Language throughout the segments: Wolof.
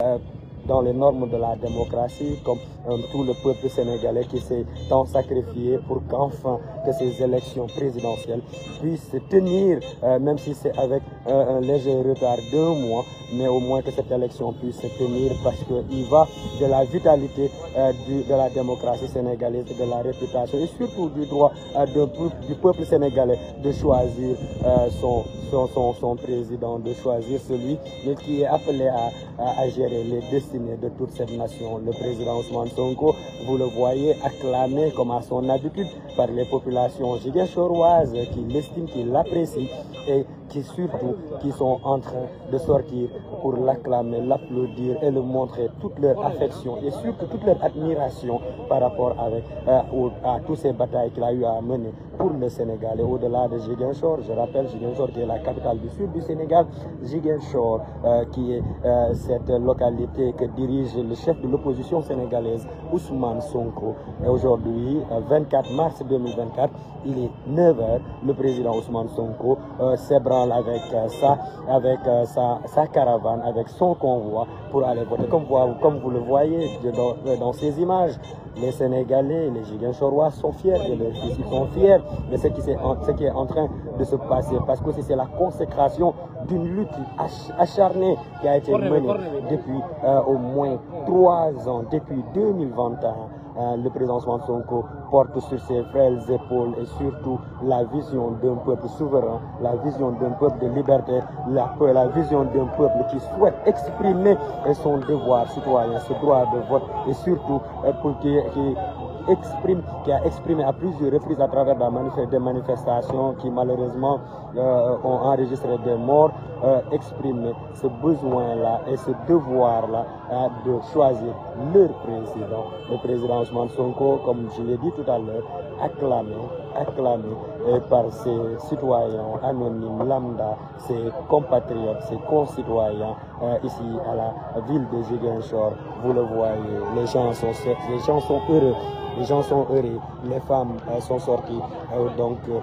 Uh, dans les normes de la démocratie, comme euh, tout le peuple sénégalais qui s'est tant sacrifié pour qu'enfin que ces élections présidentielles puissent se tenir, euh, même si c'est avec euh, un léger retard d'un mois, mais au moins que cette élection puisse se tenir parce qu'il va de la vitalité euh, de la démocratie sénégalaise, de la réputation et surtout du de, euh, du peuple sénégalais de choisir son, son, qui est appelé à, gérer les destinée de toute cette nation. Le président Ousmane Sonko, vous le voyez acclamé comme à son habitude par les populations giguinchoroises qui l'estiment, qui l'apprécient et surtout en train de sortir pour l'acclamer, l'applaudir et le montrer toute leur affection et surtout toute leur admiration par rapport avec, euh, toutes ces batailles qu'il a eu à mener pour le Sénégal. Et au-delà de Giguinchor, je rappelle Giguinchor qui est la capitale du sud du Sénégal, dirige le chef de l'opposition sénégalaise, Ousmane Sonko. Et aujourd'hui, 24 euh, mars 2024, il est 9h, le président Ousmane Sonko euh, s'ébranle avec, euh, sa, avec euh, sa, sa, caravane, avec son convoi pour aller voter. Comme vous, comme vous le voyez dans, euh, dans ces images, les Sénégalais, les Giguinchorois sont fiers, et les, ils sont fiers de ce qui, est en, ce qui est en train de se passer, parce que c'est la consécration d'une lutte acharnée qui a été menée depuis euh, au moins trois ans, depuis 2021. Euh, le président Ousmane Sonko porte sur ses frêles épaules et surtout la vision d'un peuple souverain, la vision d'un peuple de liberté, la, euh, la vision d'un peuple qui souhaite exprimer son devoir citoyen, ce droit de vote et surtout euh, pour qui, qui exprime, qui a exprimé à plusieurs reprises à travers des manifestations qui malheureusement euh, ont enregistré des morts, euh, exprimer ce besoin-là et ce devoir-là hein, euh, de choisir leur président. Le président Ousmane Sonko, comme je l'ai dit tout à l'heure, acclamé acclamé par ses citoyens anonymes, lambda, ses compatriotes, ses concitoyens euh, ici à la ville de Ziguinchor. Vous le voyez, les gens sont, les gens sont heureux, les gens sont heureux, les femmes euh, sont sorties. Euh, donc, euh,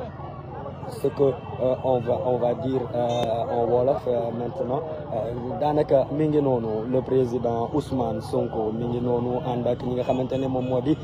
ce que euh, on va on va dire euh, en wolof maintenant. Euh, daanaka mi ngi noonu le président Ousmane Sonko mi ngi noonu ànd ak ñi nga xamante ne moom moo di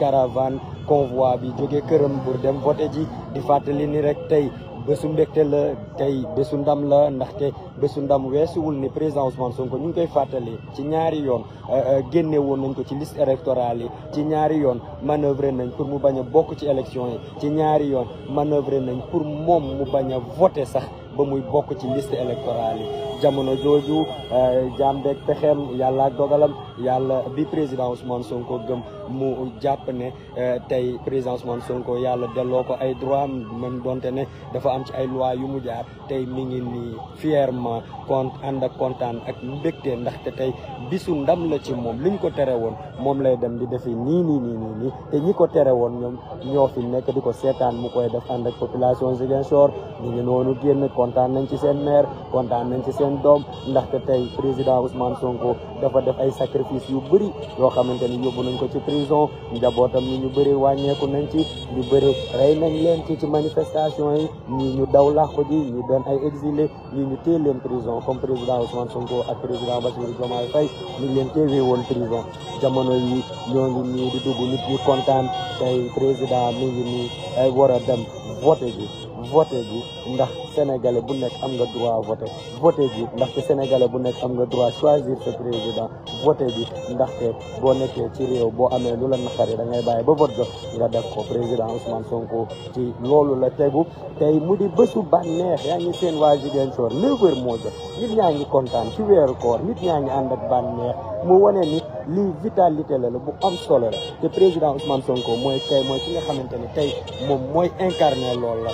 caravane convoi bi jóge këram pour dem voté ji di fàttali nii rek tey bésu mbégte la tey bésu ndam la ndaxte bésu ndam weesuwul ni président Ousmane Sonko ñu ngi koy fàttali ci ñaari yoon euh, euh, génne woon nañ ko ci liste électorale yi ci ñaari yoon manoeuvre nañ pour mu bañ a bokk ci élection yi ci ñaari yoon manoeuvre nañ pour moom mu bañ a voté sax ba muy bokk ci liste électorale jamono jooju eh, jàmbeeg pexeem yàlla ak dogalam yàlla bi président Ousmane Sonko gëm mu jàpp ne euh, tey président Ousmane Sonko yàlla delloo ko ay droit même donte ne dafa am ci ay loi yu mu jaar tey mi ngi nii fièrement kont ànd ak kontaan ak ndax te tey bisu ndam la ci moom liñ ko tere woon moom lay dem di defi nii nii nii nii nii te ñi ko tere woon ñoom ñoo fi nekk di ko seetaan mu koy def ànd ak population Ziguinchor ñu ngi noonu génn kontaan nañ ci seen maire kontaan nañ ci seen doom ndaxte tey président Ousmane Sonko dafa def ay sacrifice yu prison njabootam ñi ñu bëri wàññeeku nañ ci ñu bëri rey nañ leen ci ci manifestation yi ñii ñu daw ko ji ñu doon ay exilé ñii ñu téye leen prison comme président Ousmane Sonko ak président Bassirou Diomaye Faye ñu ngi leen téye woon prison jamono yi ñoo ngi nii di dugg nit ñi kontaan tey président mi ngi nii ay war a dem vote ji voté ji ndax sénégalais bu nekk am nga droit voté voté ji ndaxte sénégalais bu nekk am nga droit choisir sa président voté ji ndaxte boo nekkee ci réew boo amee lu la naqari da bàyyi ba vote jot nga def ko président Ousmane Sonko ci loolu la tegu tey mu di bésu bànneex yaa ngi seen waa Ziguinchor neuf heures moo jot nit ñaa ngi kontaan ci weeru koor nit ñaa ngi ànd ak bànneex mu wane ni li vitalité la la bu am solo la te président Ousmane Sonko mooy tey mooy nga xamante ni tey moom mooy incarné loolu la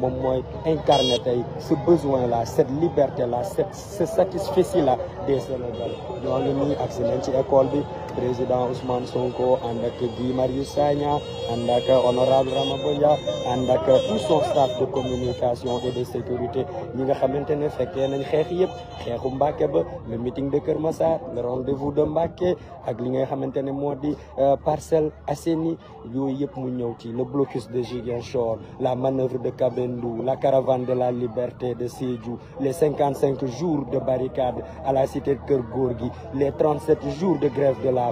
moom mooy incarner tey ce besoin la cette liberté là cette ce satisfecit là des Sénégalais ñoo ngi nii ak si nañ ci école bi président Ousmane Sonko ànd ak Guy Marius Sagna ànd ak honorable Ramaboya ànd ak tout son staff de communication et de sécurité ñi nga xamante ne fekkee nañ xeex yëpp xeexu Mbacke ba le meeting de Kër Massar le rendez-vous de Mbacke ak li nga xamante ne moo di euh, Parcelles Assainies yooyu yëpp mu ñëw ci le blocus de Ziguinchor la manœuvre de Kabé Sendou, la caravane de la liberté de Sédhiou, les 55 jours de barricade à la cité de Kergourgui, les 37 jours de grève de la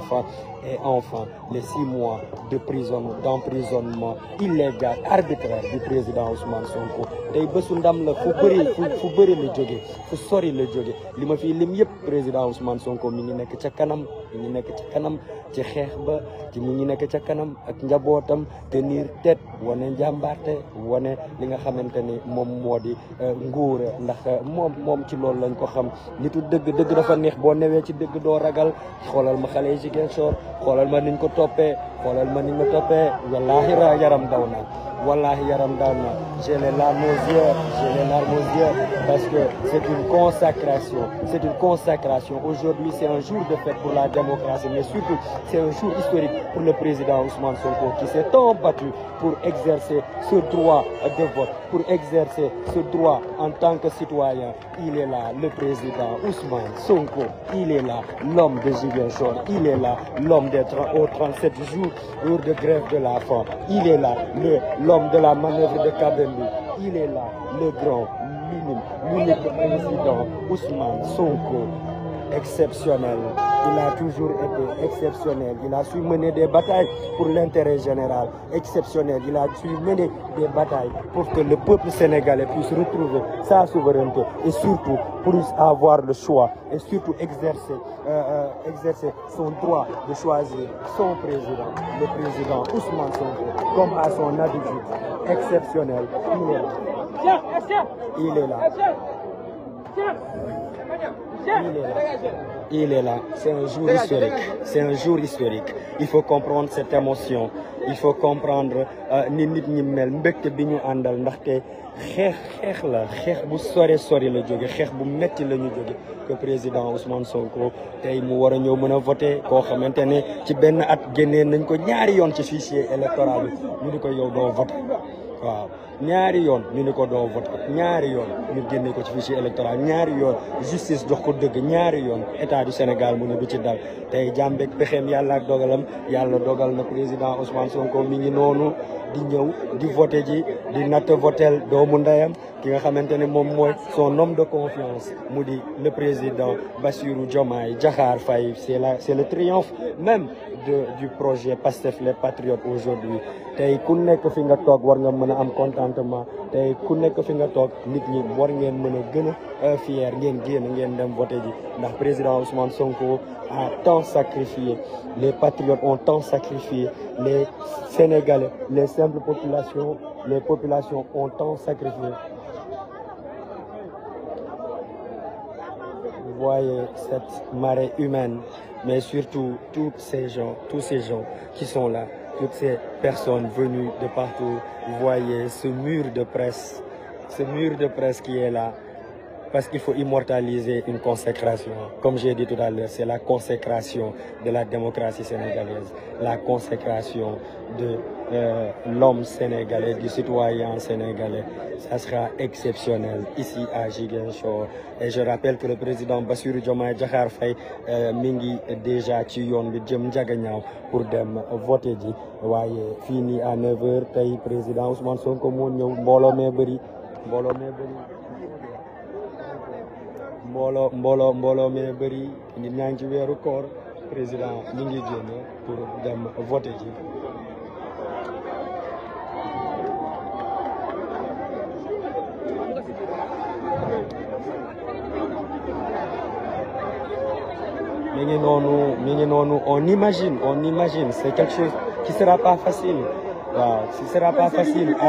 et enfin les six mois de prison d'emprisonnement illégal arbitraire du président Ousmane Sonko tey bésu ndam la fu bëri fu bëri la jóge fu sori la jóge li ma fi lim yëpp président Ousmane Sonko mi ngi nekk ca kanam mi ngi nekk ca kanam ci xeex ba ci mu ngi nekk ca kanam ak njabootam tenir tête wane njàmbaarte wane li nga xamante ni moom moo di euh, nguure ndax euh, moom moom ci loolu lañ ko xam nitu dëgg dëgg dafa neex boo newee ci dëgg doo ragal xoolal ma xale yi Ziguinchor xoolal ma niñ ko toppee xoolal ma ni yaram daw na wallahi yaram daw na j'ai les que c'est une consacration c'est une consacration aujourd'hui c'est jour de fête la démocratie mais pour le président Ousmane Sonko qui s'est pour exercer ce droit de pour exercer ce droit en tant que citoyen il est le président Ousmane jour la faim il est le l'homme de la manœuvre de Kabembe il l'unique l'unique président Ousmane Sonko exceptionnel. Il a toujours été exceptionnel. Il a su mener des batailles pour l'intérêt général. Exceptionnel. Il a su mener des batailles pour que le peuple sénégalais puisse retrouver sa souveraineté et surtout puisse avoir le choix et surtout exercer, euh, euh, son de choisir son président, le président Ousmane Sonko, comme à son habitude. Exceptionnel. Il est là. Eh, Il est là. C'est un jour historique. C'est un jour historique. Il faut comprendre cette émotion. Il faut comprendre euh, ni nit ñi mel mbégte bi ñu àndal ndaxte xeex xeex la xeex bu sore sori la jóge xeex bu metti la ñu jóge que président Ousmane Sonko tey mu war a ñëw mën a voté koo xamante ne ci benn at génnee nañ ko ñaari yoon ci fichier électoral bi ñu ko yow doo voté waaw ñaari yoon ñu ni ko doo vote ñaari yoon ñu génne ko ci fichier électoral ñaari yoon justice dox ko dëgg ñaari yoon état du Sénégal mu ne du ci dal tey jàmbeeg pexeem yàlla ak dogalam yàlla dogal na président Ousmane Sonko mi ngi noonu di ñëw di voté ji di natt votel doomu ndeyam ki nga xamante ne moom mooy son homme de confiance mu di le président Bassirou Diomaye Diakhar fay c'est la c'est le triomphe même de du projet Pastef les patriotes aujourd'hui tey ku nekk fi nga toog war nga mën a am contentement tey ku nekk fi nga toog nit ñi war ngeen mën a gën a euh, fier ngeen génn ngeen dem voté ji ndax président Ousmane Sonko a tant sacrifié, les patriotes ont tant sacrifié, les Sénégalais, les simples populations, les populations ont tant sacrifié. Vous voyez cette marée humaine, mais surtout toutes ces gens, tous ces gens qui sont là, toutes ces personnes venues de partout, vous voyez ce mur de presse, ce mur de presse qui est là, parce qu'il faut immortaliser une consécration. Comme j'ai dit tout à l'heure, c'est la consécration de la démocratie sénégalaise, la consécration de euh, l'homme sénégalais, du citoyen sénégalais. Ça sera exceptionnel ici à Ziguinchor. Et je rappelle que le président Bassirou Diomaye Diakhar Faye euh, mi ngi déjà ci yoon bi jëm Ndiaganiao pour dem voter ji waaye fii nii à 9h tey président Ousmane Sonko moo ñëw mbooloo mee bëri. mbooloo mbooloo mbooloo mee bëri ñaa ngi ci weeru koor président ñu ngi génn pour dem voter ji mi ngi noonu mi ngi noonu on imagine on imagine c'est quelque chose qui sera pas facile waaw ce sera pas facile à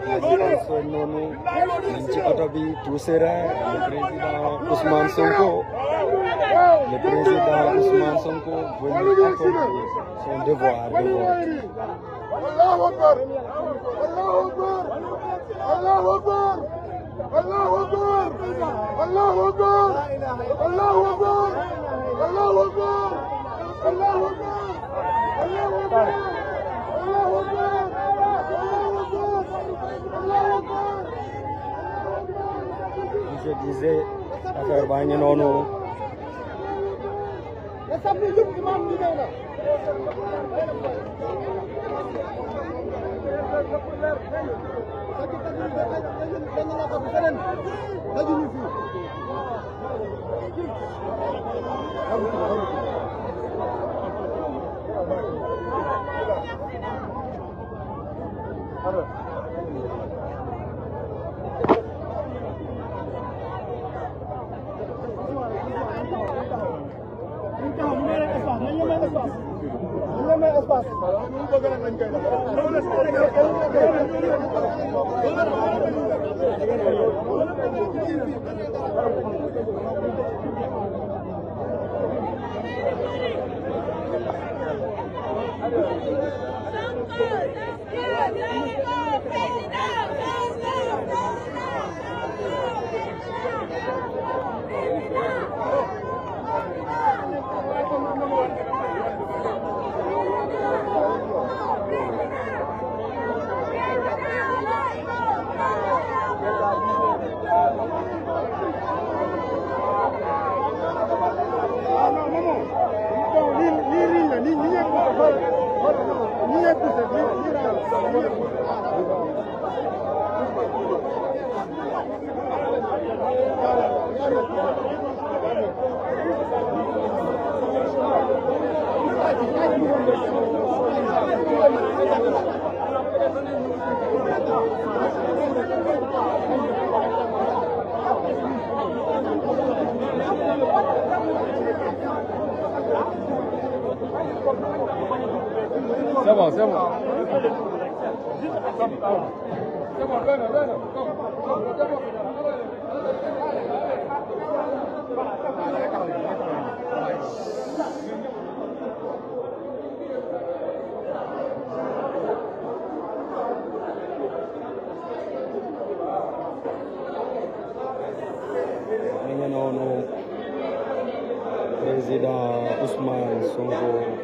ngeen seen noonu ñu ci oto bi tout je disais affaire baa ngi noonu Alors bëgg rek lañ koy def bon, c'est bon. C'est bon, donne, donne. C'est bon. Président Ousmane Sonko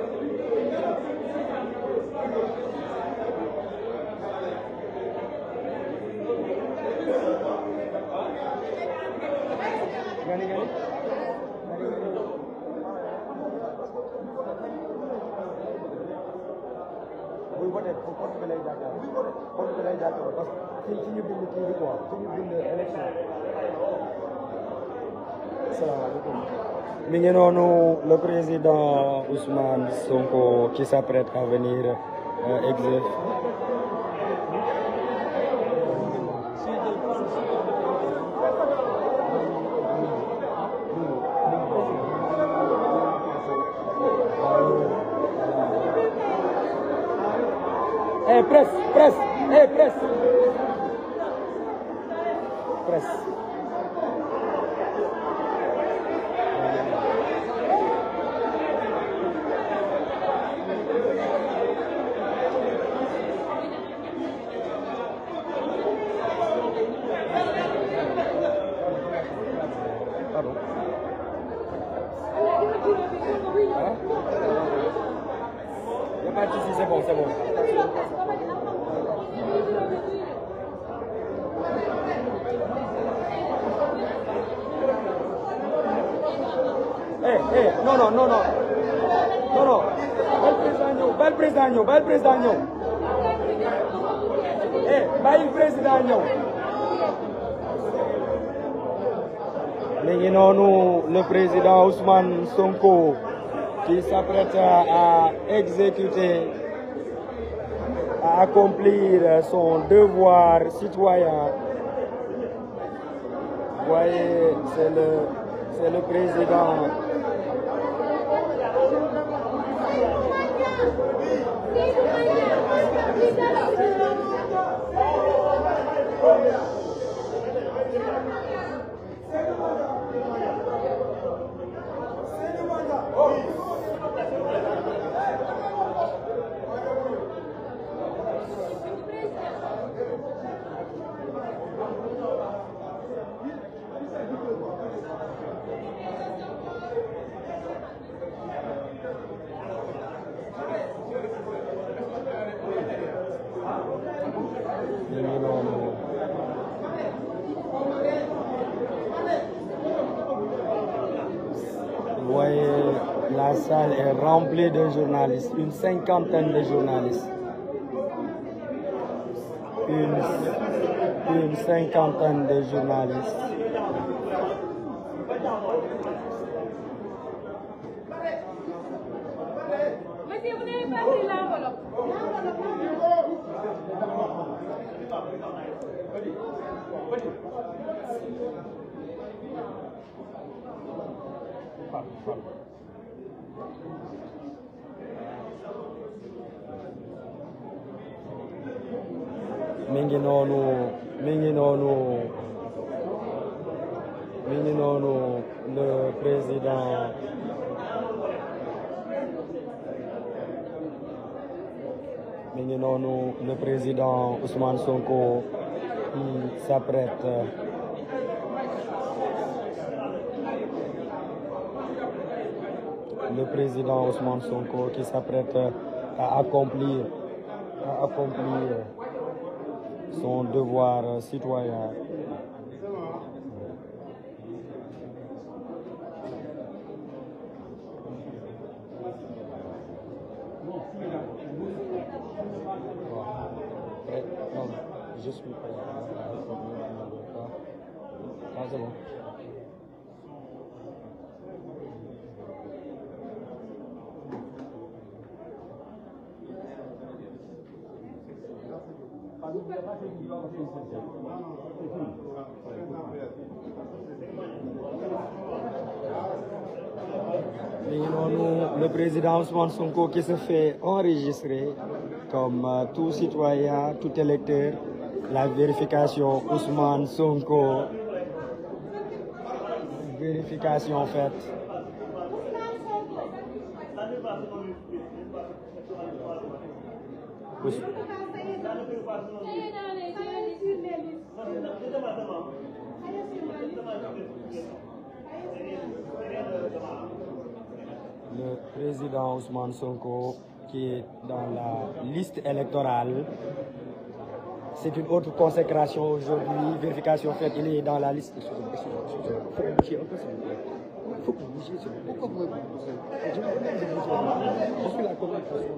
lay jàkkaarloo xool bi lay jàkkaarloo parce que ci ñu bind kii bi quoi ci ñu bind élection asalaamaaleykum mi ngi noonu le président Ousmane Sonko qui s'apprête à venir euh, exercer presse presse eh presse Sonko qui s'apprête à exécuter, à accomplir son devoir citoyen. Vous voyez, c'est le, c'est le président salle est remplie de journalistes, une cinquantaine de journalistes. Une, une cinquantaine de journalistes. Thank you. mi ngi noonu mi ngi noonu mi noonu le président mi ngi noonu le président Ousmane Sonko qui le président Ousmane Sonko qui s'apprête à accomplir, à accomplir son devoir citoyen président Ousmane Sonko qui se fait enregistrer comme euh, tout citoyen, tout électeur, la vérification Ousmane Sonko, vérification faite. Ousmane Sonko qui est dans la liste électorale. C'est une autre consécration aujourd'hui, vérification faite, il est dans la liste. Faut que vous bougiez, s'il vous plaît. Pourquoi vous bougez Je vous Je suis la communication.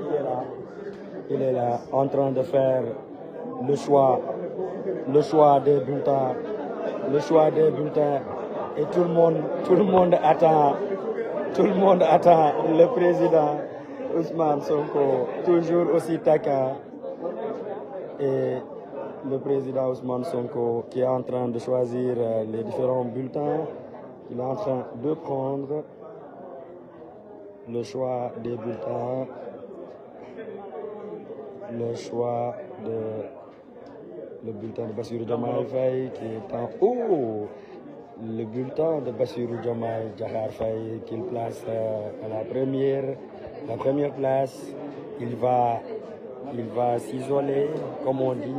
Il est là. Il est là, en train de faire le choix, le choix des bulletins, le choix des bulletins et tout le monde tout le attend le président Ousmane Sonko toujours aussi taquin et le président Ousmane Sonko qui est en train de choisir euh, les différents bulletins qu'il est en train de prendre le choix des bulletins le choix de le bulletin qui est en haut le bulletin de Bassirou Diomaye Diakhar Faye qu'il place euh, à la première la première place il va il va s'isoler comme on dit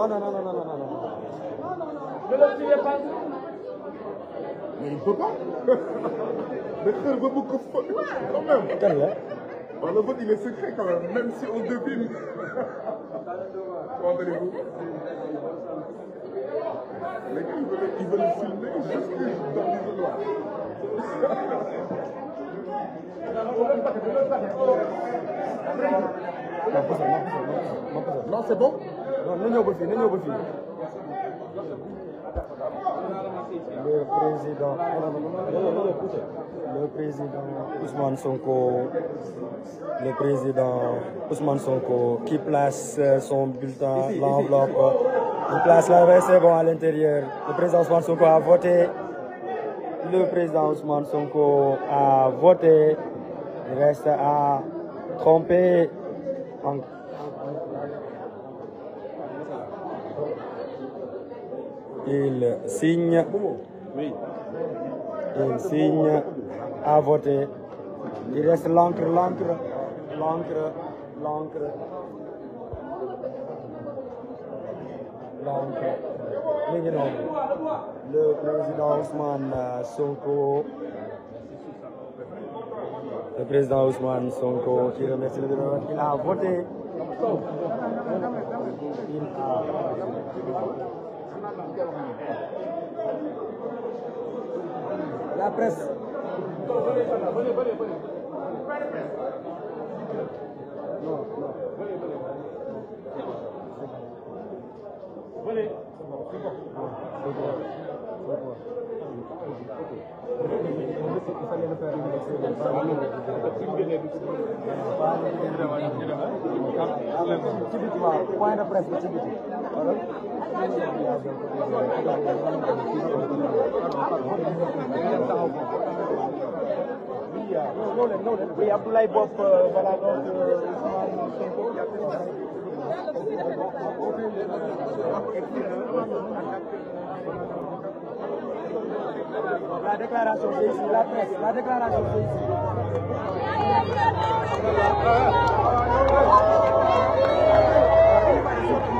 non, non, non, non, non, non, non, Ne le tirez pas. Mais il ne peut pas. Mais xër ba bëgg ko fa quand même. Kan la. Bon, le vote, il est secret quand même, même si on devine. Comment allez-vous? Les gars, ils veulent, ils veulent filmer juste dans l'isoloir. Non, c'est bon. non na ñëw ba fii le président le Sonko le président Ousmane Sonko qui place son bulletin l'enveloppe il place l'enveloppe c'est bon à l'intérieur le président Ousmane Sonko a voté le président Ousmane Sonko a voté reste à tromper en il signe, il signe à voter. Il reste l'encre, l'encre, l'encre, l'encre, l'encre. Le président Ousmane Sonko, le président Ousmane Sonko qui remercie le bureau, il a voté. Il a voté. La presse. Point de presse, Oui, Abdoulaye Bopp, voilà donc La déclaration, c'est ici, la presse, la déclaration, c'est ici.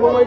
mooy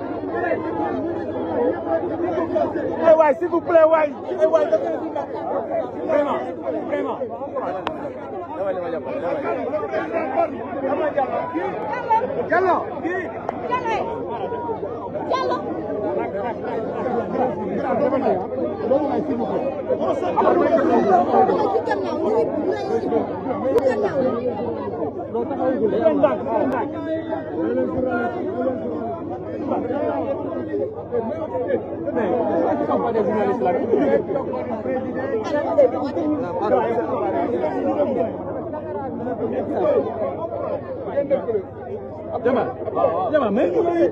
eh waay s'il vous plaît waay eh waay vraiment vraiment. Diallo. Diallo. Jamal, Jamal, mel ni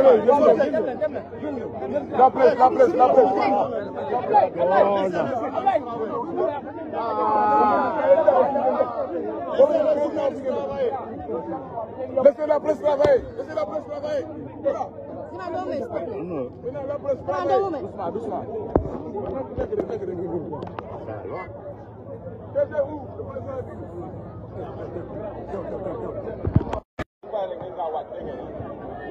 La presse, la presse, la presse. Oh là. Laissez la presse travailler. Laissez la presse travailler. Voilà. La presse travaille. Doucement, doucement. Taisez-vous, le président de la République.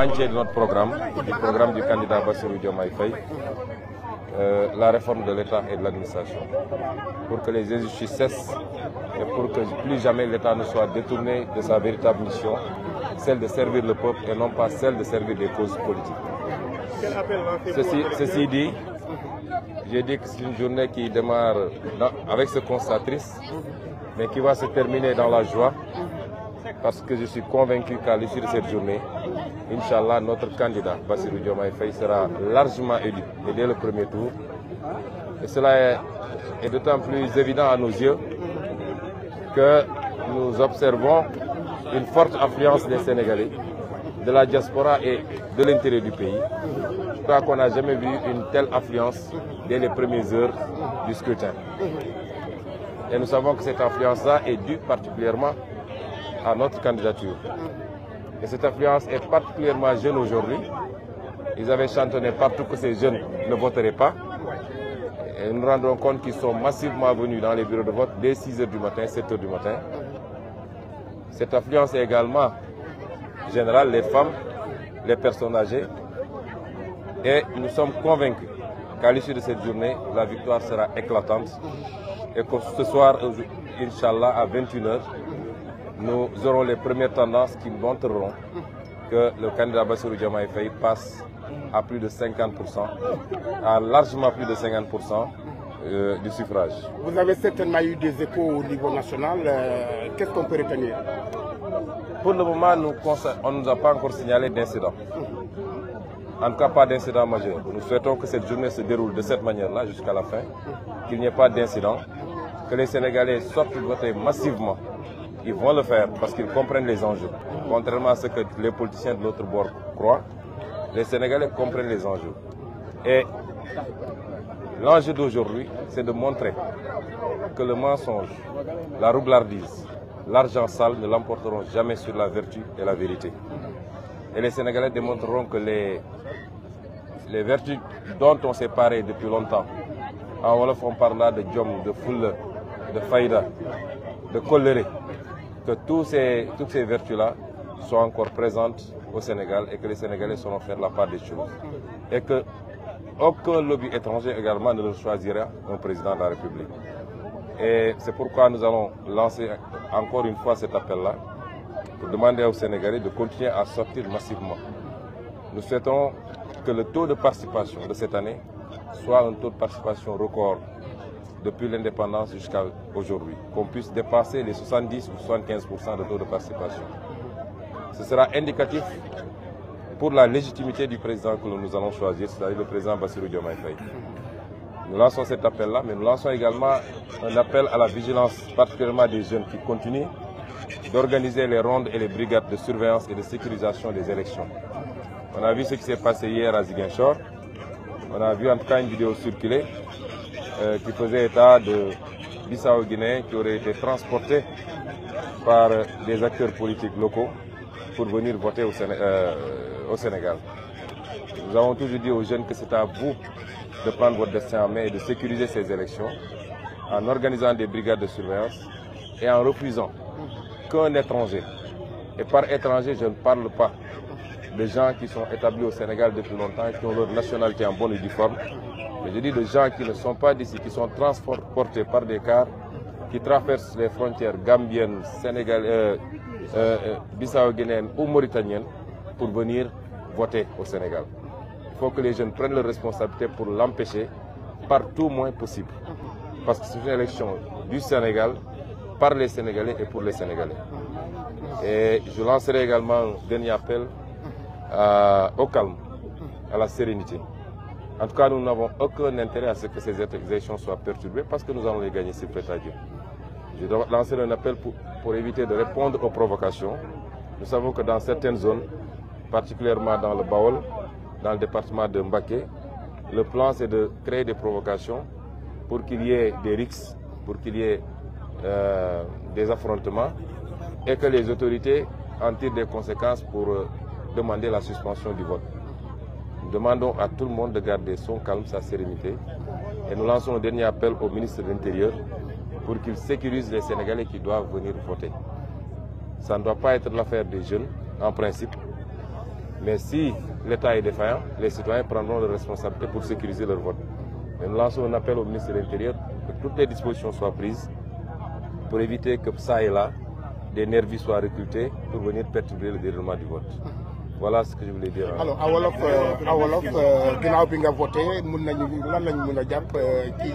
entier de notre programme, du programme du candidat Bassirou Diomaye Faye, euh, la réforme de l'État et de l'administration, pour que les injustices cessent et pour que plus jamais l'État ne soit détourné de sa véritable mission, celle de servir le peuple et non pas celle de servir des causes politiques. Ceci, ceci dit, j'ai dit que c'est une journée qui démarre dans, avec ce constat triste, mais qui va se terminer dans la joie. parce que je suis convaincu qu'à l'issue de cette journée, Inch'Allah, notre candidat, Bassirou Diomaye Faye, sera largement élu, et dès le premier tour. Et cela est, d'autant plus évident à nos yeux que nous observons une forte affluence des Sénégalais, de la diaspora et de l'intérieur du pays. Je crois qu'on n'a jamais vu une telle affluence dès les premières heures du scrutin. Et nous savons que cette affluence-là est due particulièrement à notre candidature. Et cette affluence est particulièrement jeune aujourd'hui. Ils avaient chantonné partout que ces jeunes ne voteraient pas. Et nous nous rendons compte qu'ils sont massivement venus dans les bureaux de vote dès 6 h du matin, 7 h du Cette affluence est également général les femmes, les personnes âgées. Et nous sommes convaincus qu'à l'issue de cette journée, la victoire sera éclatante. Et que ce soir, Inch'Allah, à 21h, nous aurons les premières tendances qui montreront que le candidat Bassirou Diomaye Faye passe à plus de 50%, à largement plus de 50% euh, du suffrage. Vous avez certainement eu des échos au niveau national. Euh, qu'est-ce qu'on peut retenir Pour le moment, nous, on ne nous a pas encore signalé d'incident. En tout cas, pas d'incident majeur. Nous souhaitons que cette journée se déroule de cette manière jusqu'à la fin, qu'il n'y ait pas d'incident, que les Sénégalais Ils vont le faire parce qu'ils comprennent les enjeux. Contrairement à ce que les politiciens de l'autre bord croient, les Sénégalais comprennent les enjeux. Et l'enjeu d'aujourd'hui, c'est de montrer que le mensonge, la roublardise, l'argent sale ne l'emporteront jamais sur la vertu et la vérité. Et les Sénégalais démontreront que les, les vertus dont on s'est paré depuis longtemps, en Wolof on de Djom, de Foule, de Faïda, de Coléré, que tous ces, toutes ces vertus-là soient encore présentes au Sénégal et que les Sénégalais sauront faire la part des choses. Et que aucun lobby étranger également ne choisira un président de la République. Et c'est pourquoi nous allons lancer encore une fois cet appel-là pour demander aux Sénégalais de continuer à sortir massivement. Nous souhaitons que le taux de participation de cette année soit un taux de participation record depuis l'indépendance jusqu'à aujourd'hui, qu'on puisse dépasser les 70 ou 75% de taux de participation. Ce sera indicatif pour la légitimité du président que nous allons choisir, c'est-à-dire le président Bassirou Diomaye Faye. Nous lançons cet appel-là, mais nous lançons également un appel à la vigilance, particulièrement des jeunes qui continuent d'organiser les rondes et les brigades de surveillance et de sécurisation des élections. On a vu ce qui s'est euh, qui faisait état de Bissau-Guinée qui aurait été transporté par des acteurs politiques locaux pour venir voter au, Séné euh, au Sénégal. Nous avons toujours dit aux jeunes que c'est à vous de prendre votre destin en main et de sécuriser ces élections en organisant des brigades de surveillance et en refusant qu'un étranger, et par étranger je ne parle pas des gens qui sont établis au Sénégal depuis longtemps et qui ont leur nationalité en bonne et Mais je dis de gens qui ne sont pas d'ici, qui sont transportés par des cars, qui traversent les frontières gambiennes, sénégalaises, euh, euh, euh, ou mauritaniennes pour venir voter au Sénégal. Il faut que les jeunes prennent leurs responsabilités pour l'empêcher par tout moyen possible. Parce que c'est une élection du Sénégal, par les Sénégalais et pour les Sénégalais. Et euh, au calme, à la sérénité. En tout cas, nous n'avons aucun intérêt à ce que ces élections soient perturbées parce que nous allons les gagner, s'il plaît à Dieu. Je dois lancer un appel pour, pour éviter de répondre aux provocations. Nous savons que dans certaines zones, particulièrement dans le Baol, dans le département de Mbaké, le plan c'est de créer des provocations pour qu'il y ait des rixes, pour qu'il y ait euh, des affrontements et que les autorités en tirent des conséquences pour euh, demander la suspension du vote. Nous demandons à tout le monde de garder son calme, sa sérénité. Et nous lançons un dernier appel au ministre de l'Intérieur pour qu'il sécurise les Sénégalais qui doivent venir voter. Ça ne doit pas être des jeunes, en principe. Mais si l'État est défaillant, les citoyens prendront leurs responsabilités pour sécuriser leur vote. Et nous lançons un appel au ministre de l'Intérieur que toutes les dispositions soient ça et là, des nervis soient recrutés pour voilà ce que je voulais dire. alors awolof awolof euh, euh, ginnaaw bi nga voté mun nañu lan lañ mun a jàpp euh, ci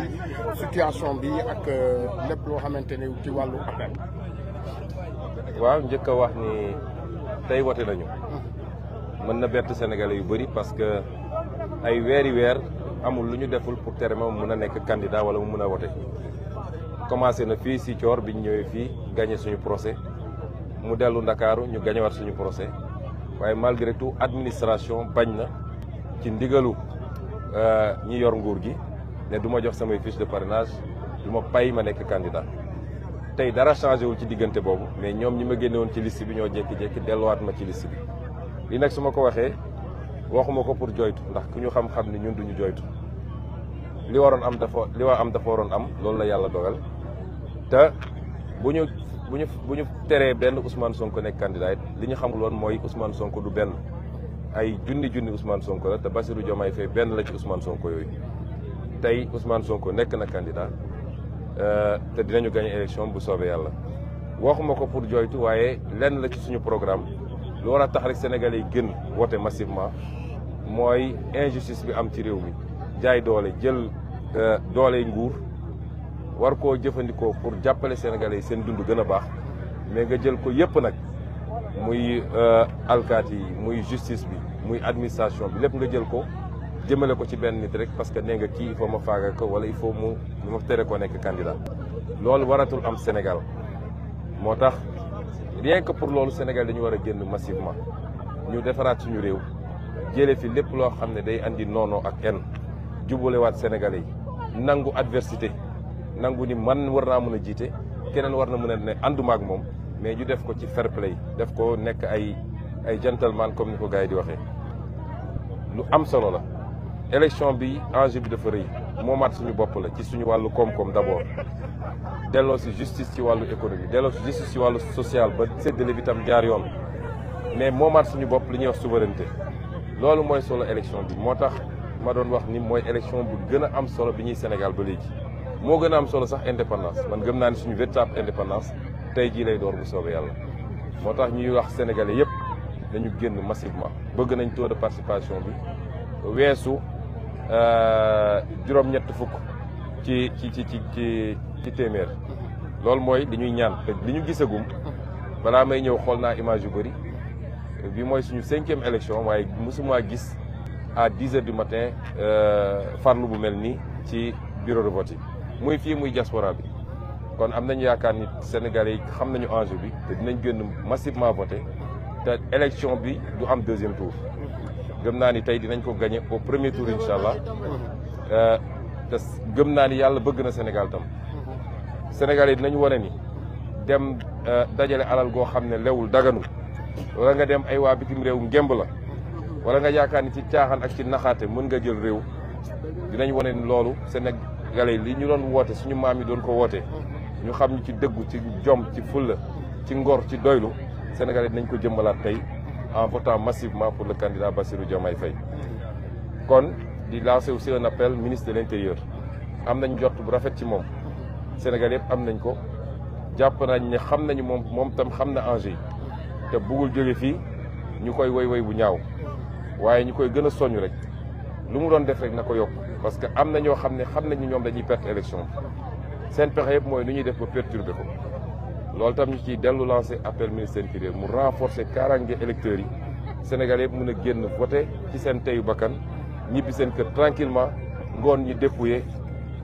situation bi ak lépp loo xamante ne ci wàllu appel. waaw njëkk a wax ni tey wote nañu. Hmm. mën na bett Sénégalais yu bëri parce que ay weeri weer amul lu ñu deful pour tere ma mun a nekk candidat wala mu mun a wote. commencé na fii si coor bi ñu ñëwee fii gagné suñu procès mu dellu Ndakaaru ñu gagné waat suñu procès. waaye malgré tout administration bañ na ci ndigalu euh, ñi yor nguur gi ne duma jox samay fiche de parrainage du ma pay ma nekk candidat tey dara changé wul ci diggante boobu mais ñoom ñi ma génne woon ci liste bi ñoo jékki-jékki delluwaat ma ci liste bi li nag su ma ko waxee waxuma ko pour joytu ndax ku ñu xam-xam ni ñun duñu joytu li waroon am dafa li war am dafa waroon am loolu la yàlla dogal te bu ñu bu ñu bu ñu teree benn Ousmane Sonko nekk candidat it li ñu xamul woon mooy Ousmane Sonko du benn ay junni junni Ousmane Sonko la te Bassirou Diomaye Faye benn la ci Ousmane Sonko yooyu tey Ousmane Sonko nekk na candidat euh, te dinañu gagné élection bu soobee yàlla. waxuma ko pour jooytu waaye lenn la ci suñu programme lu war a tax rek Sénégalais yi gën woote massivement mooy injustice bi am ci réew mi jaay doole jël euh, doole nguur. war koo jëfandikoo pour jàppale sénégalais yi seen dund gën a baax mais nga jël ko yépp nag muy euh, alkaati yi muy justice bi muy administration bi lépp nga jël ko jëmale ko ci benn nit rek parce que nee nga kii il faut ma faaga ko wala il faut mu ma tere ko nekk candidat loolu waratul am Sénégal moo tax rien que pour loolu Sénégal dañu war a génn massivement ñu defaraat suñu réew jëlee fi lépp loo xam ne day andi noonoo ak en jubalewaat Sénégalais yi nangu adversité nangu ni man war naa mën a jiite keneen war na mën a ne ànduma ak moom mais ñu def ko ci fair def ko nekk ay ay gentleman comme ni ko gars yi di waxee lu am solo la élection bi enjeu bi dafa rëy moomaat suñu bopp la ci suñu wàllu koom-koom d'abord delloo si justice ci wàllu économie delloo si justice ci wàllu social ba séddale bi tam jaar yoon mais moomaat suñu bopp li ñuy wax souveraineté loolu mooy solo élection bi moo tax ma doon wax ni mooy élection bu gën a am solo bi ñuy Sénégal ba léegi moo gën a am solo sax indépendance man gëm naa ne suñu véritable indépendance tey jii lay door bu soobee yàlla moo tax ñuy wax sénégalais yëpp dañu génn massivement bëgg nañ taux de participation bi weesu euh, juróom-ñett fukk ci ci ci ci ci ci téeméer loolu mooy li ñuy ñaan li ñu gisagum balaa may ñëw xool naa image yu bëri bi mooy suñu cinquième élection waaye mosuma gis à dix heures du matin euh, farlu bu mel nii ci bureau de vote muy fii muy diaspora bi kon am nañu yaakaar ni Sénégalais yi xam nañu enjeu bi te dinañ génn massivement voté te élection bi du am deuxième tour gëm naa ni tey dinañ ko gagné au premier tour incha allah euh, te gëm naa ni yàlla bëgg na Sénégal tam Sénégalais yi dinañ wane ni dem euh, dajale alal goo xam ne lewul daganul wala nga dem ay waa bitim réew ngémb la wala nga yaakaar ni ci caaxaan ak ci naxaate mën nga jël réew dinañ wane ni loolu Sénégal Sénégalais li ñu doon woote suñu maam yi doon ko woote ñu xam ñu ci dëggu ci jom ci fulla ci ngor ci doylu Sénégalais dinañ ko jëmbalaat tey en votant massivement pour le candidat Bassirou Diomaye Faye kon di lancer aussi un appel ministre de l'intérieur am nañ jot bu rafet ci moom Sénégalais yëpp am nañ ko jàpp nañ ni xam nañu moom moom tam xam na enjeu yi te bëggul jóge fii ñu koy woy woy bu ñaaw waaye ñu koy gën a soññ rek lu mu doon def rek na ko yokk parce que am na ñoo xam ne xam nañu ñoom dañuy perte élection seen pexe yëpp mooy nu ñuy def ba perturber ko loolu tam ñu ciy dellu lancé appel ministre intérieur mu renforcer kaaraange électeurs yi Sénégal yëpp mën a génn voté ci seen teyu bakkan ñibbi seen kër tranquillement ngoon ñi dépouillé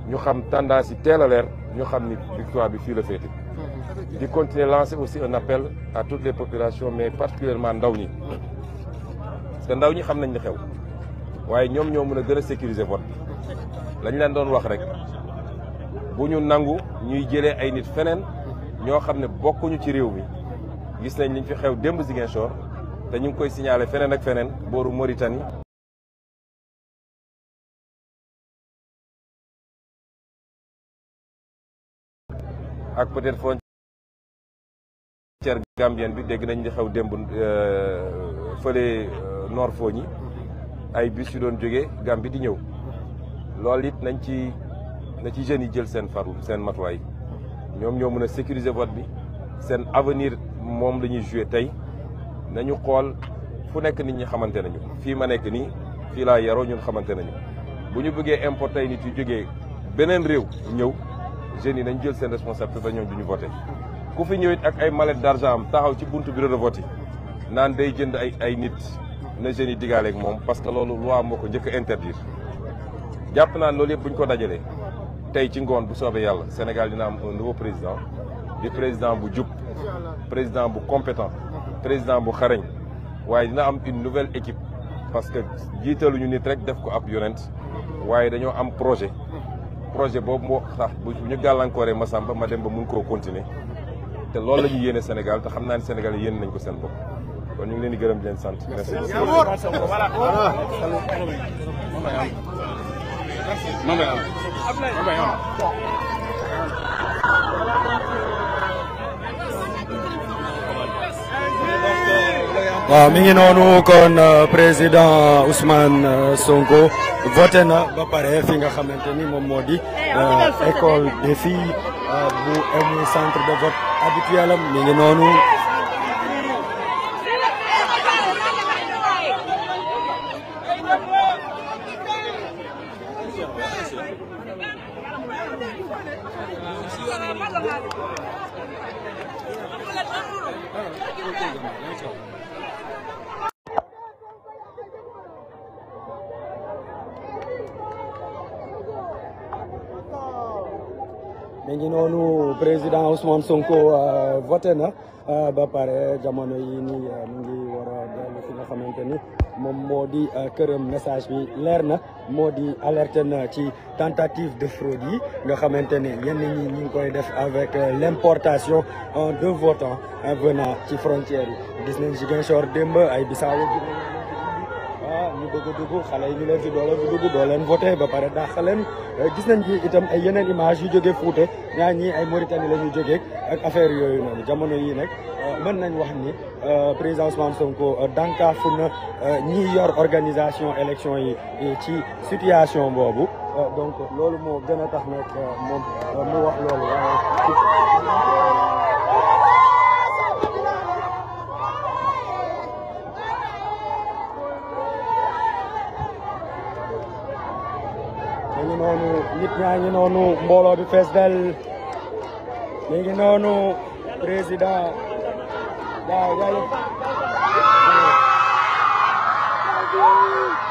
ñu xam tendance yi teel a ñu xam ni victoire bi fii la féete di continuer lancer aussi un appel à toutes les populations mais particulièrement ndaw ñi parce ñi xam nañ li waaye ñoom ñoo mën a gën a sécuriser vote bi lañ leen doon wax rek bu ñu nangu ñuy jëlee ay nit feneen ñoo xam ne bokkuñu ci réew mi gis nañ liñ fi xew démb Ziguinchor te ñu ngi koy signalé feneen ak feneen booru Mauritanie ak peut-être frontière gambienne bi dégg nañ li xew démb euh, fële euh, Nord ay bus yu jóge jógee Gàmbi di ñëw loolu it nañ ci na ci jeunes yi jël seen faru seen matuwaay ñoom ñoo mën a sécuriser vote bi seen avenir moom la ñuy joué tey nañu xool fu nekk nit ñi xamante nañu fii ma nekk nii fii laa yaroo ñun xamante nañu bu ñu bëggee importer nit yu jógee beneen réew ñëw jeunes yi nañ jël seen responsabilité ba ñoom du ñu voté ku fi ñëwit ak ay mallette d'argent am ci buntu bureau de vote yi naan day jënd ay ay nit na jeunes yi digaale moom parce que loolu loi moo ko jëkk a interdire jàpp naa loolu yëpp bu ñu ko dajalee tey ci ngoon bu soobee yàlla Sénégal dina am un nouveau président di président bu jub président bu compétent président bu xareñ waaye dina am une nouvelle équipe parce que jiitaluñu nit rek def ko ab yonent waaye dañoo am projet projet boobu moo tax bu ñu gàllankooree ma samba ma dem ba mun koo continuer te loolu la ñu yéene Sénégal te xam naa ne Sénégal yéene nañ ko seen bopp kon ñu ngi leen gërëm leen sant waaw mi ngi noonu kon euh, président Ousmane euh, Sonko voté na ba pare fi nga xamante ni moom moo di eh, euh, école des bu amul centre de vote habituel mi ngi noonu. noonu président Ousmane Sonko euh, voté na euh, ba pare jamono yi nii euh, mu ngi war a fi nga xamante ni moom moo di këram message bi leer na moo di alerté na ci tentative de fraude yi nga xamante ni yenn ñi ñu ngi koy def avec l'importation de votants venant ci frontière yi gis nañ Ziguinchor démb ay bisaawu ah ñu dugg dugg xale yi ñu leen si doole fi dugg leen voté ba pare daax leen euh, gis nañ ci itam ay yeneen image yu jógee Fuuta ñaa ñi ay Mauritanie la ñu jógee ak affaire yooyu noonu jamono yii nag euh, mën nañ wax ni euh, président Ousmane Sonko dànkaafu na ñi yor organisation élection yi ci situation boobu donc loolu moo gën a tax nag moom mu wax loolu waaye ñu ngi noonu nit ñaa ngi noonu mbooloo bi fees del ñu ngi noonu président waaw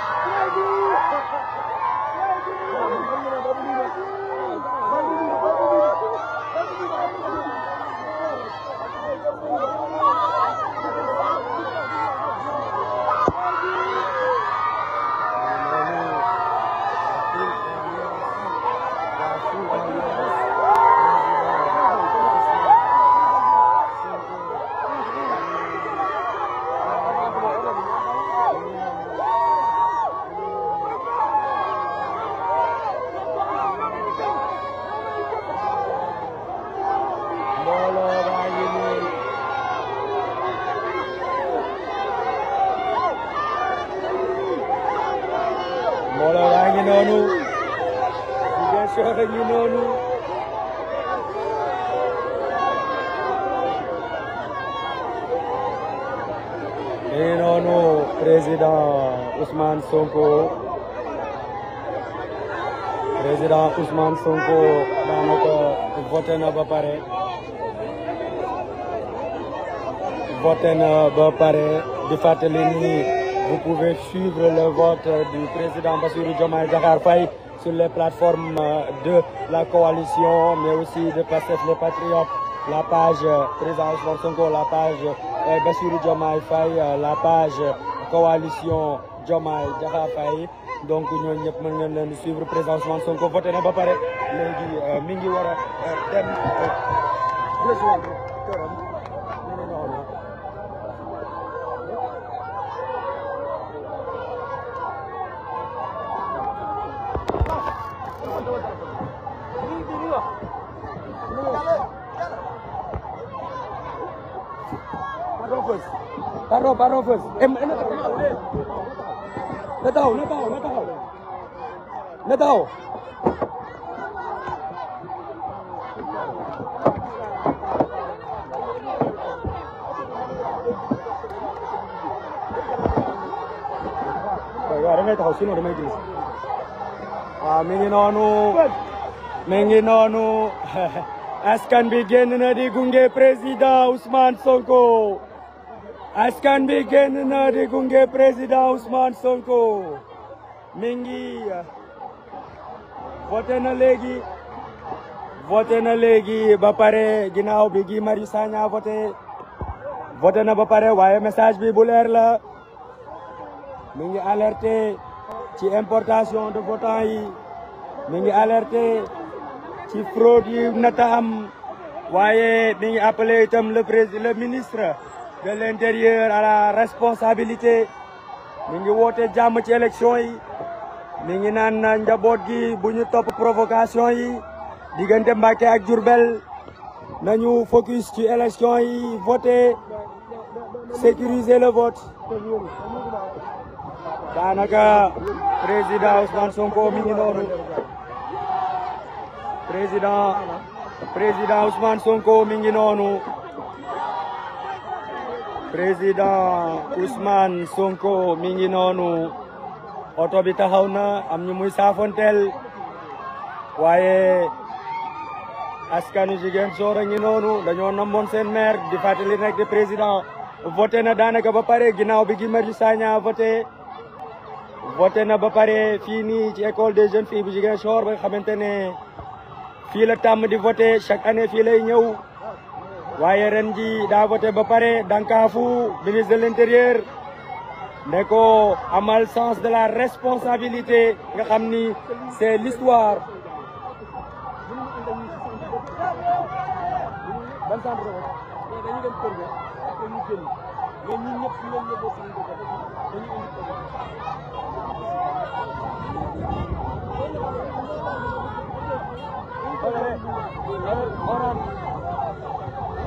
Sonko daanaka na ba pare voté na ba pare di fàttali ni vous pouvez suivre le vote du président Bassirou Diomaye Diakhar Faye sur les plateformes de la coalition mais aussi de Pastef la page président Ousmane Sonko la page euh, euh, coalition Diomaye Diakhar Faye donc ñooñu ñëpp mën ngeen leen di suivre président Ousmane Sonko voté na ba pare léegi euh, mi ngi war a euh, dem euh, rejoindre këram Pardon, pardon, pardon. na taxaw na taxaw na taxaw na taxaw waaw da ngay taxaw sinon damay gis waaw mi ngi bi génn na di gunge président Ousmane Sonko askan bi génn naa di gunge président Ousmane Sonko mi ngi voté na léegi voté na léegi ba pare ginnaaw bi gi mari Sagna voté voté na ba pare waaye message bi bu leer la mi ngi alerte ci importation de votants yi mi ngi alerté ci produit yi nata waaye mi ngi appelé itam le président le ministre de l'intérieur à la responsabilité mi ngi woote jàmm ci élection yi mi ngi naan njaboot gi bu ñu topp provocation yi diggante Mbacké ak Diourbel nañu focus ci élection yi voter sécuriser le vote daanaka président Ousmane Sonko mi ngi noonu président président Ousmane Sonko mi ngi noonu président Ousmane Sonko mi ngi noonu oto bi taxaw na am ñu muy saafonteel waaye askanu jigéen soor a ngi noonu dañoo nammoon seen maire di fàttali nekk di président voté na daanaka ba pare ginnaaw bi Guy Marius Sagna voté voté na ba pare fii nii ci école des jeunes fi bu jigéen soor ba nga xamante ne fii la tàmm di voté chaque année fii lay ñëw waaye ren ji daa voté ba pare dankaafu ministre de l'intérieur ne ko amal sens de la responsabilité nga xam ni c'est l'histoire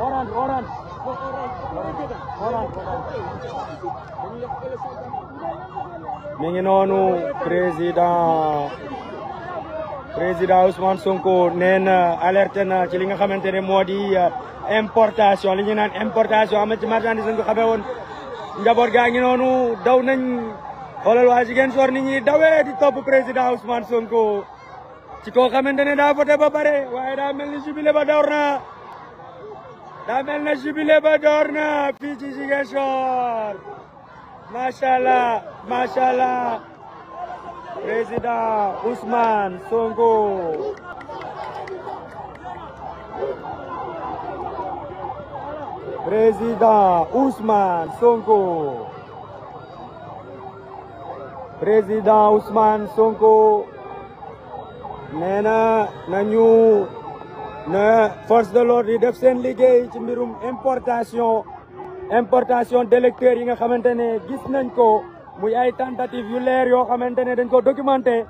orange orange mi ngi noonu président président Ousmane Sonko nee na alerté na ci li nga xamante ne moo di euh, importation li ñu naan importation ama ci marchandise lañ ko xamee woon njaboot gaa ngi noonu daw nañ xoolal waa Ziguinchor nit ñi dawee di topp président Ousmane Sonko ci koo xamante ne daa voté ba pare waaye daa mel ni jubilé ba dawr na daa mel na jubilé ba door na fii ci Ziguinchor macha allah macha allah président Ousmane Sonko. président Ousmane Sonko. président Ousmane Sonko nee na nañu. na force de l'ordre yi def seen liggéey ci mbirum importation importation d'électeurs yi nga xamante ne gis nañ ko muy ay tentative yu leer yoo xamante ne dañ ko documenté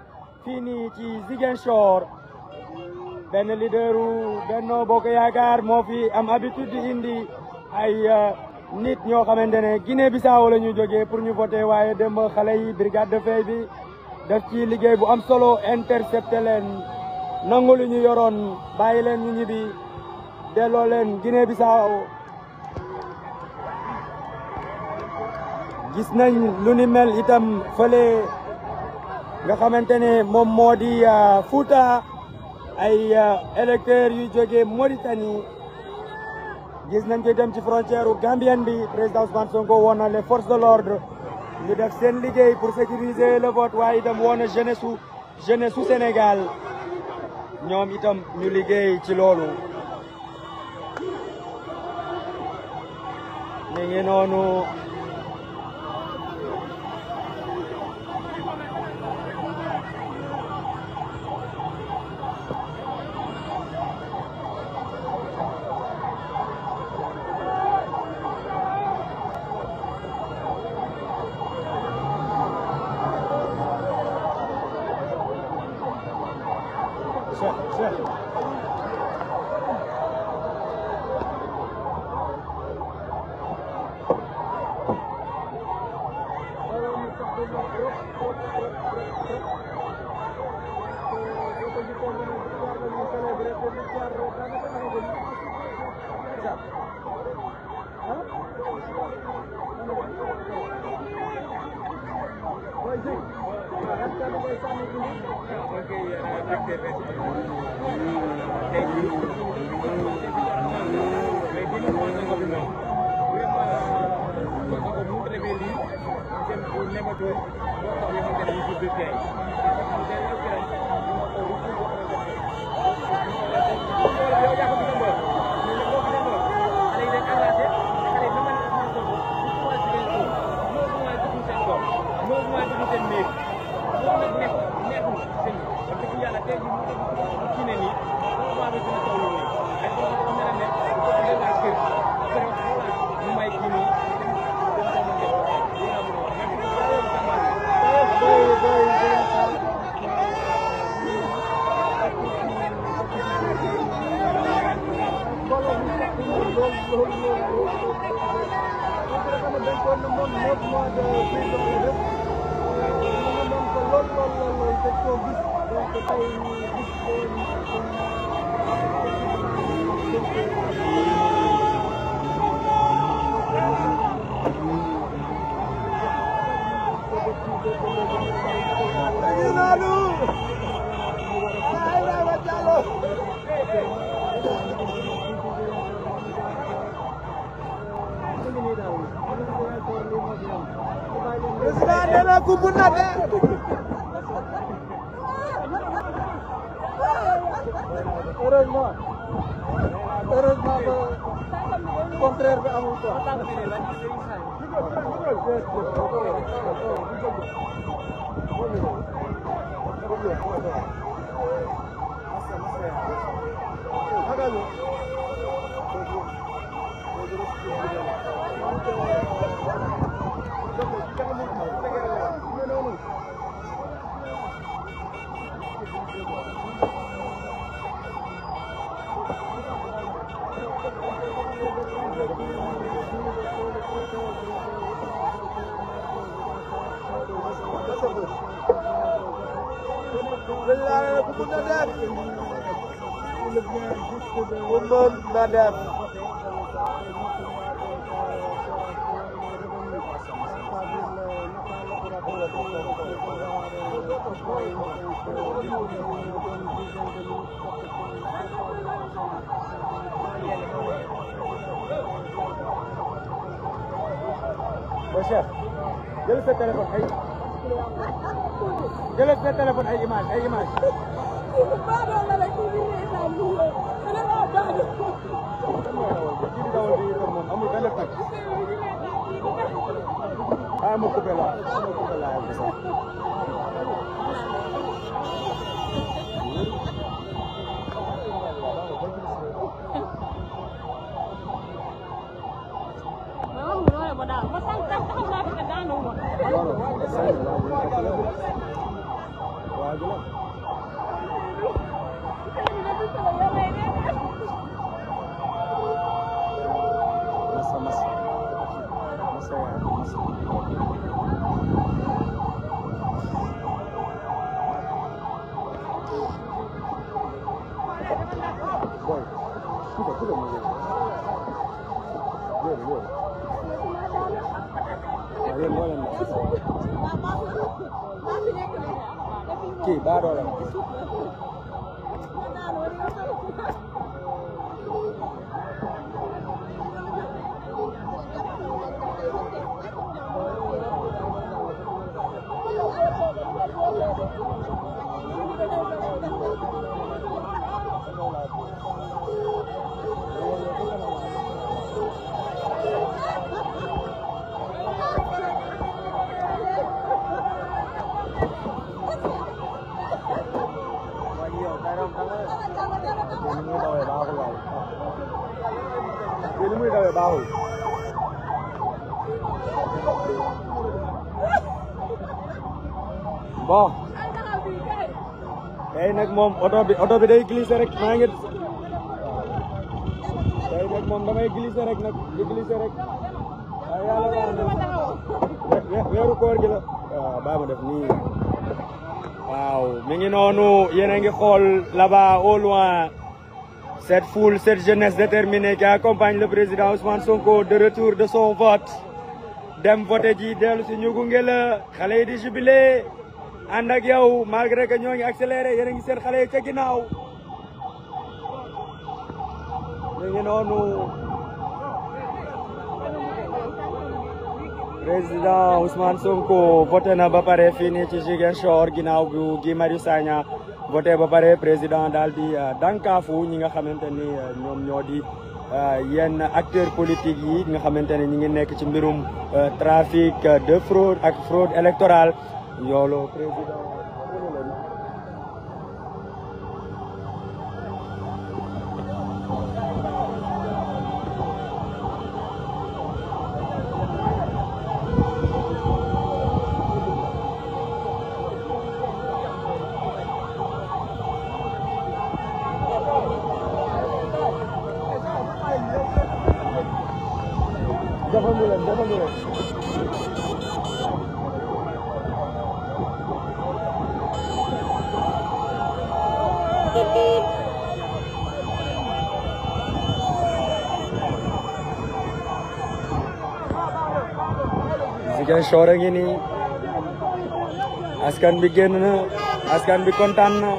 fii nii ci Ziguinchor benn leaderu Benno Bokk Yaakaar moo fi am habitude di indi ay euh, nit ñoo xamante ne Guinée Bissau la ñu jógee pour ñu voter waaye démb xale yi brigade de fay bi def ci liggéey bu am solo intercepté leen nangu lu ñu yoroon bàyyi leen ñu ñibbi delloo leen Guinée Bissau gis nañ lu ni mel itam fële nga xamante ne moom moo di euh, Fouta ay euh, électeurs yu di Mauritanie gis nañ ko itam ci frontière u Gambienne bi président Ousmane Sonko woon na les de l'ordre ñu def seen liggéey pour sécuriser le vote waaye itam woon na su jeunesse su Sénégal ñoom itam ñu liggéey ci loolu mi ngi noonu na de heureusement heureusement ba contraire bi amul quoi Thank you. Nadab. Oumam Nadab. Mon cher, jël sa téléphone ay jëlal sa téléphone ay image ay image. ah ma coupé la ma coupé la ma waaw baadoola tey nag moom oto bi oto bi rek maa ngi tey nag moom damay glissé rek nag di rek weeru koor gi la waaw baa def nii waaw mi ngi noonu yéen ngi xool là au loin cette foule cette jeunesse déterminée qui accompagne le président Ousmane Sonko de retour de son vote dem voté ji dellu si ñu gunge xale yi di jubilé ànd ak yow malgré que ñoo ngi accéléré yéen a ngi seen xale yi ca ginnaaw ñu ngi noonu président Ousmane Sonko voté na ba pare fii nii ci Ziguinchor ginnaaw bu Guy Marius Sagna voté ba pare président daal di euh, dànkaafu ñi nga xamante ni euh, ñoom ñoo di euh, yenn acteurs politiques yi nga xamante ne ñi ngi nekk ci mbirum trafic de fraude ak fraude électorale yooloo président soor a ngi nii askan bi génn na askan bi kontaan na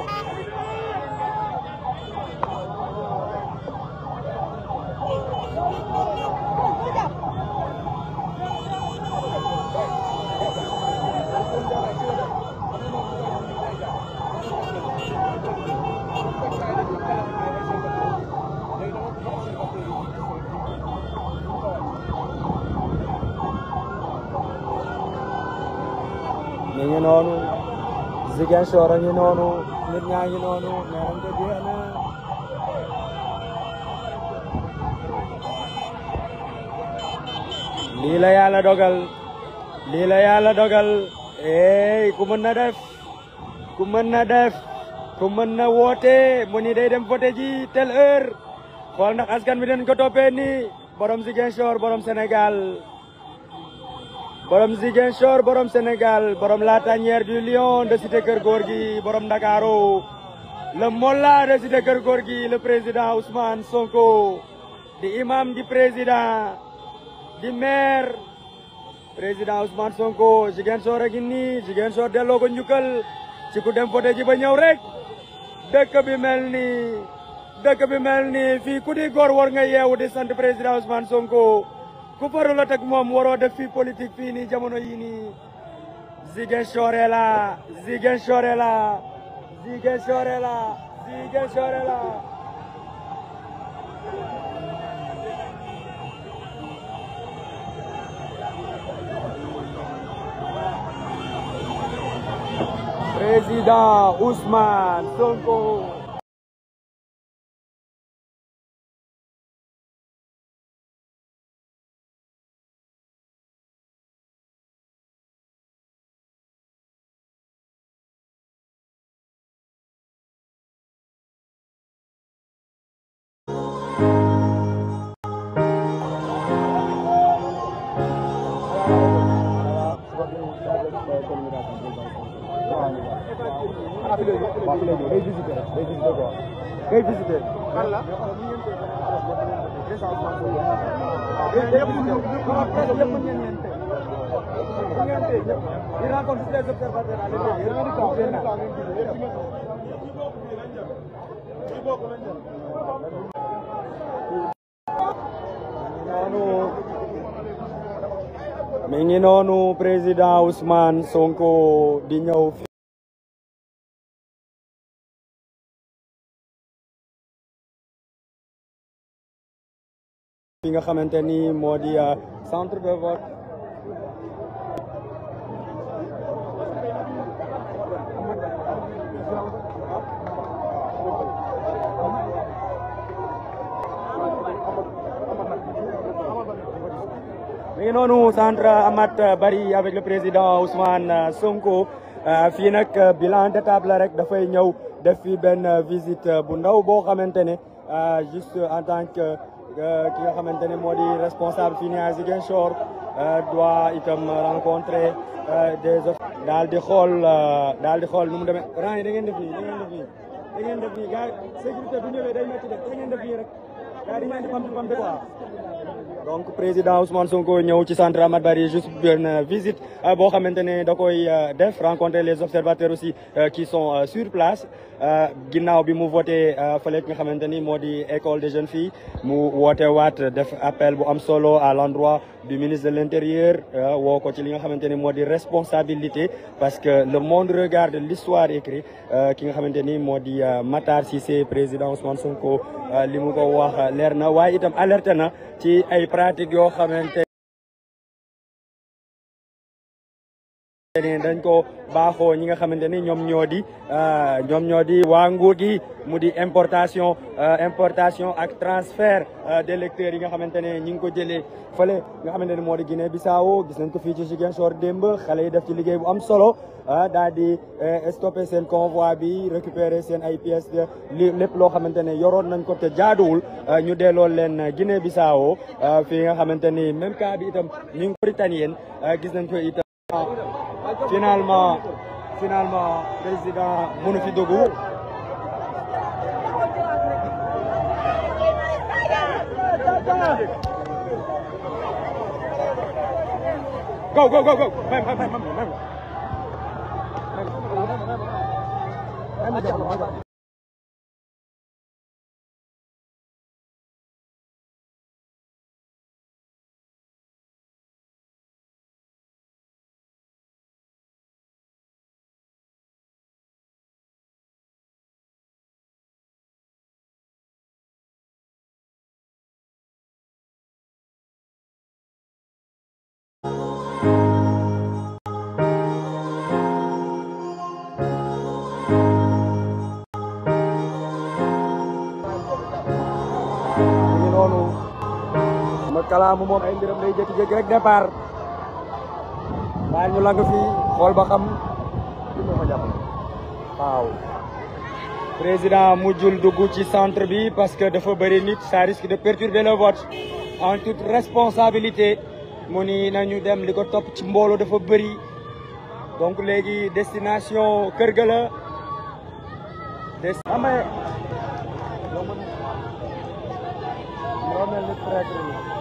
ñu ngi noonu Ziguinchor a ngi noonu nit ñaa ngi noonu nee nañ ko jeex na lii la yàlla dogal lii la yàlla dogal ey ku mën na def ku mën na def ku mën na woote mu ni day dem vote ji telle heure xool ndax askan bi dañ ko toppee ni borom Ziguinchor borom Sénégal borom Ziguinchor borom Sénégal borom la tanière du lion de cité Keur gi borom Ndakaaru le molla de cité Keur Gorgui le président Ousmane Sonko di imam di président di maire président Ousmane Sonko Ziguinchor a ngi nii Ziguinchor delloo ko njukkal ci ku dem voté ji ba ñëw rek dëkk bi mel ni dëkk mel ni fii ku di góor war nga yeewu di sant président Ousmane Sonko ku farul ak moom waroo def fii politique fii nii jamono yii nii Ziguinchor la Ziguinchor la Ziguinchor la Ziguinchor la président Ousmane Sonko ngay visité. voilà. mi ngi noonu président Ousmane Sonko di ñëw fi nga xamante ni moo di euh, centre de vote mi ngi noonu centre Amat Bari avec le président Ousmane euh, Sonko euh, fii nag bilan d'étape la rek dafay ñëw def fi benn visite bu ndaw boo xamante ne juste en tant que Euh, ki nga xamante ne moo di responsable fii nii à Ziguinchor euh, doit itam rencontrer euh, des daal di xool daal di xool nu mu demee rang yi da ngeen def nii sécurité bu ñëwee day métti def da rek gars yi di pam pam de donc président Ousmane Sonko ñëw ci centre Amadou Barry juste benn visite euh, boo xamante ne da koy euh, def rencontrer les observateurs aussi euh, qui sont sur place ginnaaw bi mu voté fële nga xamante ni moo di école des jeunes filles mu woote waat def appel bu am solo à l'endroit du ministre de l'Intérieur euh, woo ko ci li nga xamante ni moo di responsabilité parce que le monde regarde l'histoire écrit euh, ki nga xamante ni moo di euh, Matar président Ousmane Sonko li mu ko wax leer na waaye itam alerte na ci ay pratiques yoo xamante ne dañ ko baaxoo ñi nga xamante ni ñoom ñoo di euh, ñoom ñoo di waa nguur gi mu di importation euh, importation ak transfert euh, d'électeurs yi nga xamante ne ñi ngi ko jëlee fale nga xamante ne moo di Guinée Bissau gis nañ ko fii ci soor démb xale yi def ci liggéey bu am solo daal di stoppé seen convoi bi récupérer seen ay pièces de lépp loo xamante ne yoroon nañ ko te jaaduwul ñu delloo leen Guinée Bissau fii nga xamante ni même cas bi itam ñu ngi Mauritanienne gis nañ ko itam finalement finalement président mënu fi dugg go go go go may may may may kalaamu moom ay mbiram day jékki-jékki rek départ waaye ñu lang fii xool ba xam li moo ko jàpp waaw président mujjul dugg ci centre bi parce que dafa bëri nit ça risque de perturber le vote en toute responsabilité mu ni nañu dem li ko topp ci mbooloo dafa bëri donc léegi destination kër ga la des amee ah,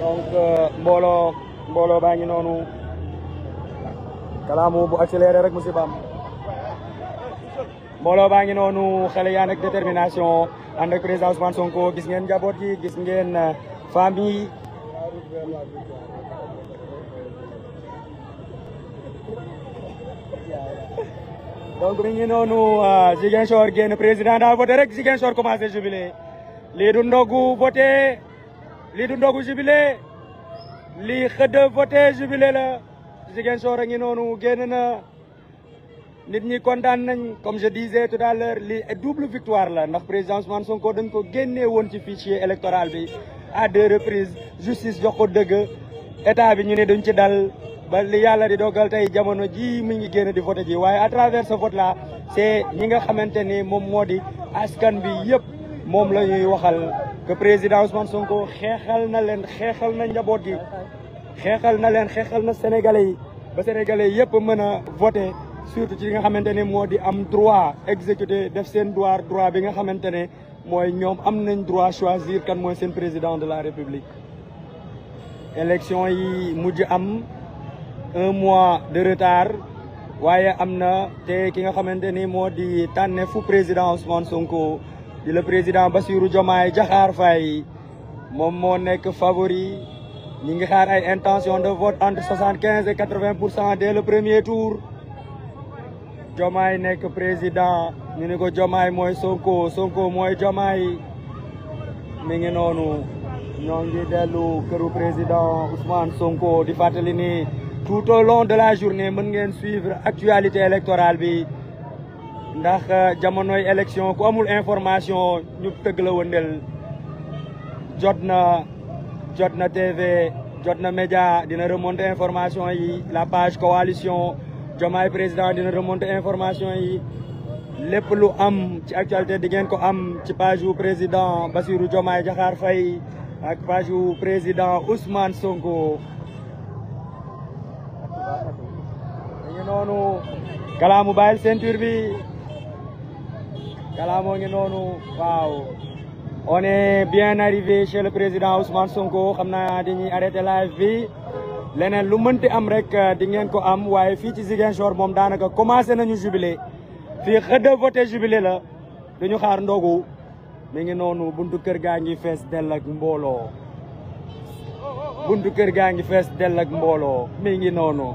donc euh, mbooloo mbooloo baa ngi noonu kalaamu bu accéléré rek musibaam mbooloo baa ngi noonu xale yaa nekk détermination ànd ak président Ousmane Sonko gis ngeen njaboot yi gis ngeen euh, famille donc mi ngi noonu euh, Ziguinchor génn président daa voté rek Ziguinchor commencé jubilé lii du ndogu voté lii du ndogu jubilé lii xëdd voté jubilé la Ziguinchor a ngi noonu génn na nit ñi kontaan nañ comme je disais tout à l'heure lii double victoire la ndax président Ousmane Sonko dañ ko génnee woon ci fichier électoral bi à deux reprises justice jox ko dëgg état bi ñu ne duñ ci dal ba li yàlla di dogal tey jamono ji mi ngi génn di voté ji waaye à travers ce vote là c'est ñi nga xamante ni moom moo di askan bi yëpp moom la ñuy waxal que président Ousmane Sonko xeexal na leen xeexal na njaboot gi xeexal na leen xeexal na sénégalais yi ba sénégalais yëpp mën a voté surtout ci li nga xamante ne moo di am droit exécuté def seen droit droit bi nga xamante ne mooy ñoom am nañ droit choisir kan mooy seen président de la république élection un mois de retard waaye am na te ki nga xamante ni moo di tànne fu président Ousmane Sonko di le président Bassirou Diomaye Diakhar Faye moom moo nekk favori ñi ngi xaar ay intention de vote entre soixante quinze et quatre pour cent dès le premier tour Diomaye nekk président ñu ni ko Diomaye mooy Sonko Sonko mooy Diomaye mi ngi noonu ñoo ngi dellu këru président Ousmane Sonko di fàttali ni tout au long de la journée mën ngeen suivre actualité électorale bi ndax euh, jamonoy élection ku amul information ñu tëgg la wëndeel jot na jot na TV jot na média dina remonter information yi la page coalition Diomaye président dina remonter information yi lépp lu am ci actualité di ngeen ko am ci page wu président Bassirou Diomaye Diakhar Faye ak page wu président Ousmane Sonko. ngi noonu kalaamu bàyyil ceinture bi kalaamoo ngi noonu waaw on bien arrivé chez le président Ousmane Sonko xam naa dañuy arrêté live bi leneen lu mënti am rek euh, di ngeen ko am waaye fii ci Ziguinchor moom daanaka commencé nañu jubilé fii xëdd voté jubilé la duñu xaar ndogu mi ngi noonu buntu kër gaa ngi fees dell ak mbooloo buntu kër gaa ngi fees dell ak mbooloo mi ngi noonu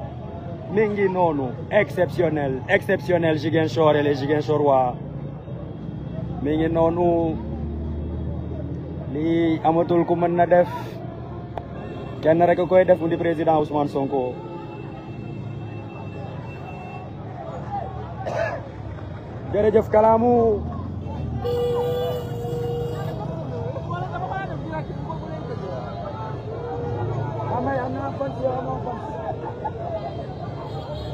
mi ngi noonu exceptionnel exceptionnel Ziguinchor et les Ziguinchorois mi ngi noonu lii amatul ku mën na def kenn rek koy def mu di président Ousmane Sonko jërëjëf kalaamu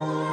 Thank you.